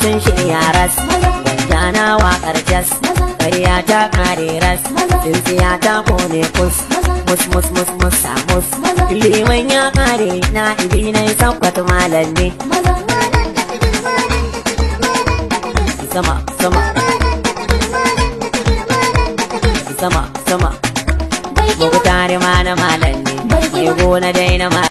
sun shirya ras na waƙar jas ƙarya ta kare ras tsintsiya ta kone kus mus mus mus mus mus liman ya kare na ibi na yi sakwata malam ne sama sama sama sama Mugu tare ma mai gona dai na